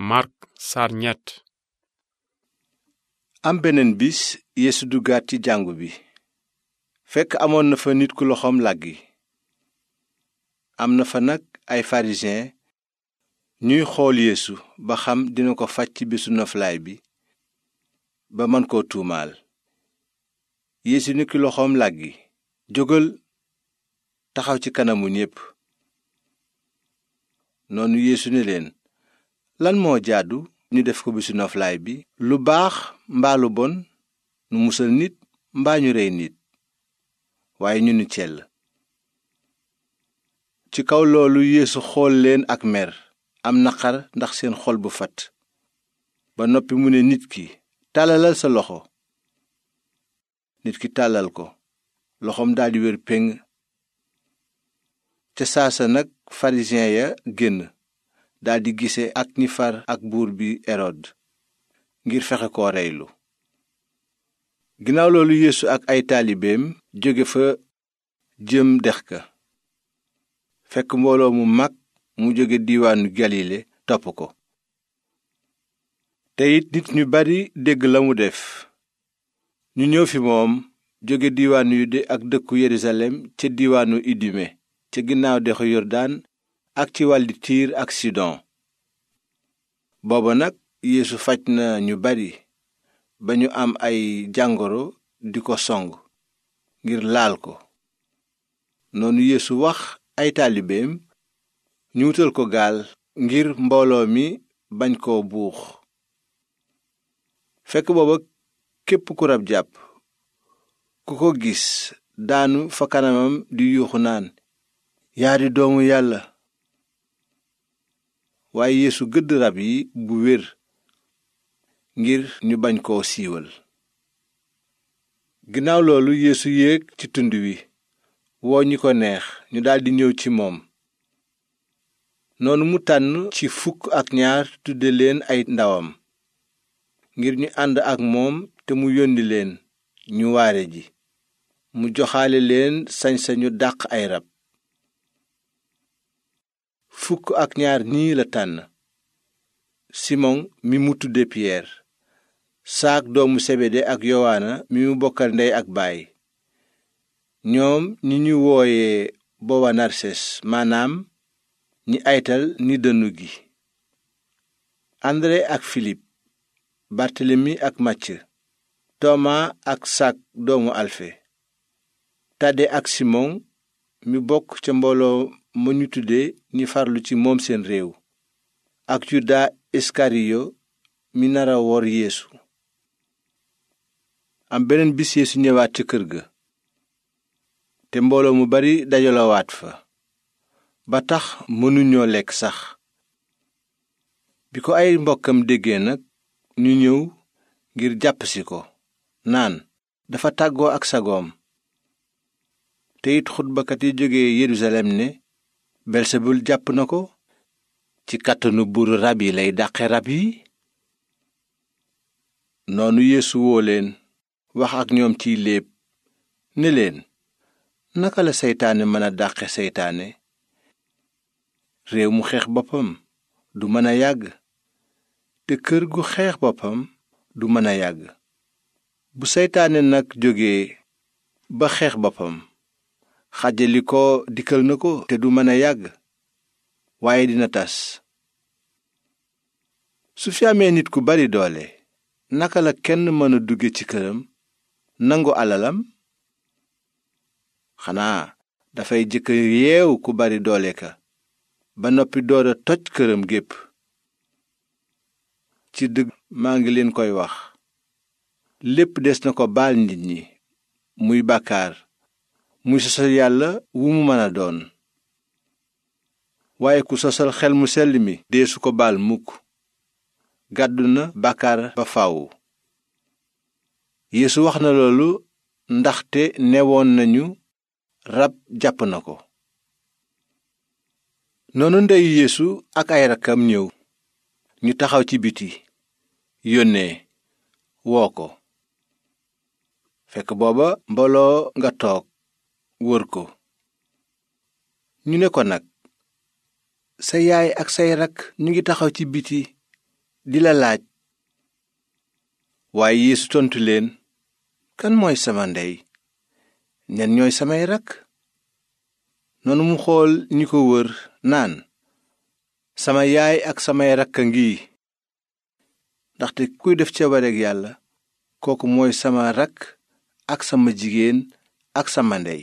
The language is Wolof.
Mark sar ñett am beneen bis Yeesu duggaat ci jàngu bi fekk amoon na fa nit ku loxoom làggi am na fa nag ay pharisiens ñuy xool yéesu ba xam dina ko faj ci bésu noflaay bi ba man koo tuumaal Yeesu ni ki loxoom làggi jógal taxaw ci kanamu ñépp noonu yéesu ne leen lan moo jaadu ñu def ko bisu noflaay bi lu baax mbaa lu bon nu musal nit mbaa ñu rey nit waaye ñu ni cell ci kaw loolu yeesu xool leen ak mer am naqar ndax seen xol bu fatt ba noppi mu ne nit ki tàllalal sa loxo nit ki tàllal ko loxoom daldi wér péng ca saasa nag farisiyen ya génn daldi gise ak ni far ak buur bi erod ngir fexe ko reylu ginnaaw loolu yeesu ak ay taalibeem jóge fa jëm dex ka fekk mbooloo mu mag mu jóge diwaanu galile topp ko te it nit ñu bari dégg la mu def ñu ñëw fi moom jóge yu yude ak dëkku yerusalem ca diwaanu idume ca ginnaaw dexu yordaan ak ci wàlli tiir booba nag yéesu faj na ñu bari ba ñu am ay jàngoro di ko song ngir laal ko noonu yéesu wax ay taalibeem ñu wutal ko gaal ngir mbooloo mi bañ koo buux fekk booba képp ku rab jàpp ku ko gis daanu fa kanamam di yuuxu naan yaa di doomu yàlla waaye yeesu gëdd rab yi bu wér ngir ñu bañ koo siiwal ginnaaw loolu yeesu yéeg ci tund wi woo ñi ko neex ñu daldi ñëw ci moom noonu mu tànn ci fukk ak ñaar tudde leen ay ndawam ngir ñu ànd ak moom te mu yónni leen ñu waare ji mu joxale leen sañ-sañu dàq ay rab fukk ak ñaar ñii la tànn simon mi mu tudde piyeer saak doomu sebede ak yowaana mi mu bokkal ndey ak baay ñoom ñi ñu wooye bowanarses maanaam ñi aytal ni dënnu gi andre ak filip bartelemi ak màcc tooma ak sak doomu alfe tade ak simon mi bokk ca mbooloo ma ñu tudde ni farlu ci moom seen réew ak yuda iskariyo mi nara wor yeesu am beneen bis yeesu ñëwaat ca kër ga te mbooloo mu bari dajalawaat fa ba tax mënuñoo lekk sax bi ko ay mbokkam déggee nag ñu ñëw ngir jàpp si ko naan dafa tàggoo ak sagoom te xutbakat yi jóge yerusalem ne belsebul jàpp na ko ci kàttanu buuru rab yi lay dàqe rab yi noonu yeesu woo leen wax ak ñoom ciy léeb ni leen naka la seytaane mën a dàqe seytaane réew mu xeex boppam du mën a yàgg te kër gu xeex boppam du mën a yàgg bu seytaane nag jóge ba xeex boppam xàjjali ko dikkal na ko te du mën a yàgg waaye dina tas su fi amee nit ku bari doole naka la kenn mën a dugge ci këram nangu alalam xanaa dafay jëkk yeew ku bari doole ka ba noppi door toj këram gépp ci dëgg maa ngi leen koy wax lépp des na ko baal nit ñi muy bàkkaar muy yàlla wu mën a doon waaye ku sosal xel mu sell mi deesu ko baal mukk gàddu na bàkkaar ba faaw yéesu wax na loolu ndaxte woon nañu rab jàpp na ko noonu ndeyu yéesu ak ay rakkam ñëw ñu taxaw ci biti yónnee woo ko fekk booba mbooloo nga toog wër ko ñu ne ko nag sa yaay ak say rakk ñu ngi taxaw ci biti di la laaj waaye Yeesu tontu leen kan mooy sama ndey ñan ñooy samay rak noonu mu xool ñi ko wër naan sama yaay ak samay rakk a ngi ndaxte kuy def ceebareeg yàlla kooku mooy sama rakk ak sama jigéen ak sama ndey